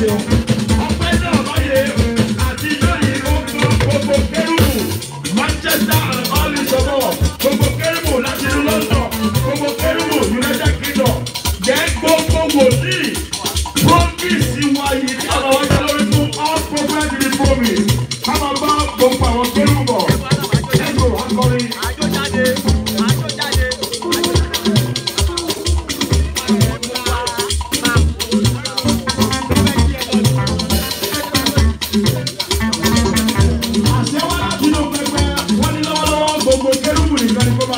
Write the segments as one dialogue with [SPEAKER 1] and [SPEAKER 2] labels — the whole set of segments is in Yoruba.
[SPEAKER 1] you. kérúbù nìkan ni kó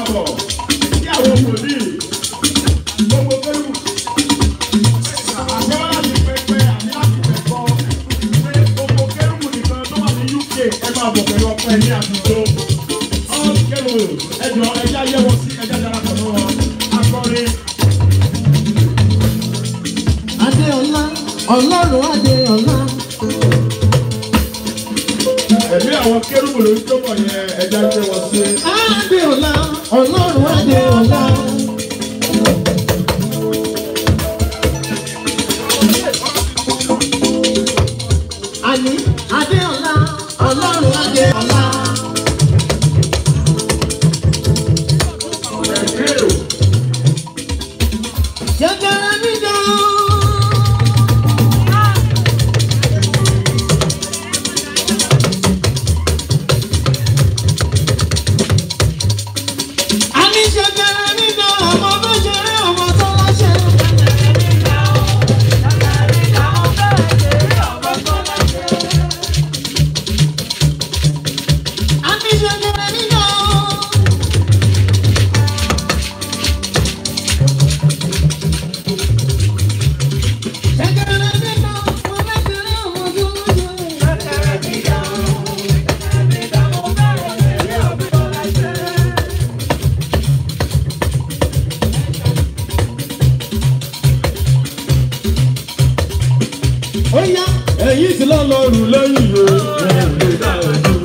[SPEAKER 1] ọlọ́run adé ọlá ẹ̀mí àwọn kérúbù ló ń tóbọ̀ yẹn ẹja ń tẹ́ sí. Adé ọ̀la, ọlọ́run adé ọ̀la. adé ọ̀la, ọlọ́run adé ọ̀la. èyí ti lọ́ lọ́rùn lẹ́yìn o.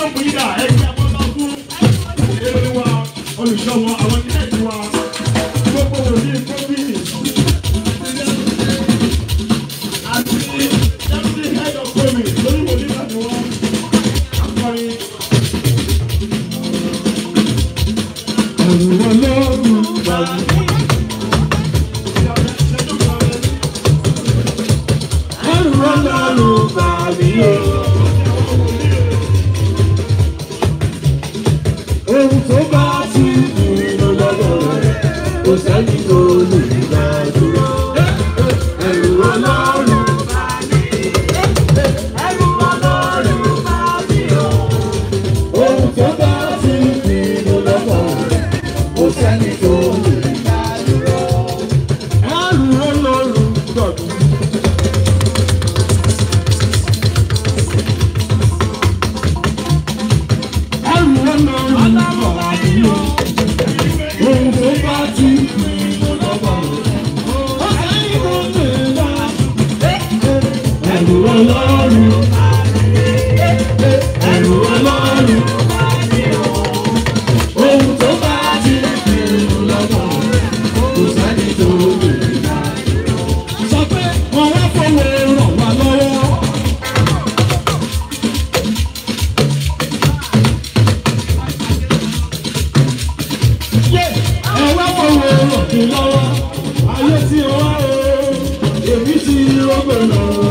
[SPEAKER 1] ṣọ́ọ̀bù yìí dà ẹ̀yìn àbọ̀bá fún èrè wa olùṣọ́ wọn àwọn ilé ìwà gbogbo òní gómìn àti deputy head of gómìn lórí wòlíì láti tó you sí ìlú lọ́dọ̀ rẹ̀ kò sẹ́ni tó lè dá dúró. ẹ̀rù ọlọ́run bá mi ẹ̀rù ọlọ́run bá mi o. ohun tó bá sí ìlú lọ́dọ̀ rẹ̀ kò sẹ́ni tó lè dá dúró. ẹ̀rù ọlọ́run gbọ̀dọ̀. wo òkè lọ́wọ́ ayé ti wá o èmi ti rọ́gbọ̀n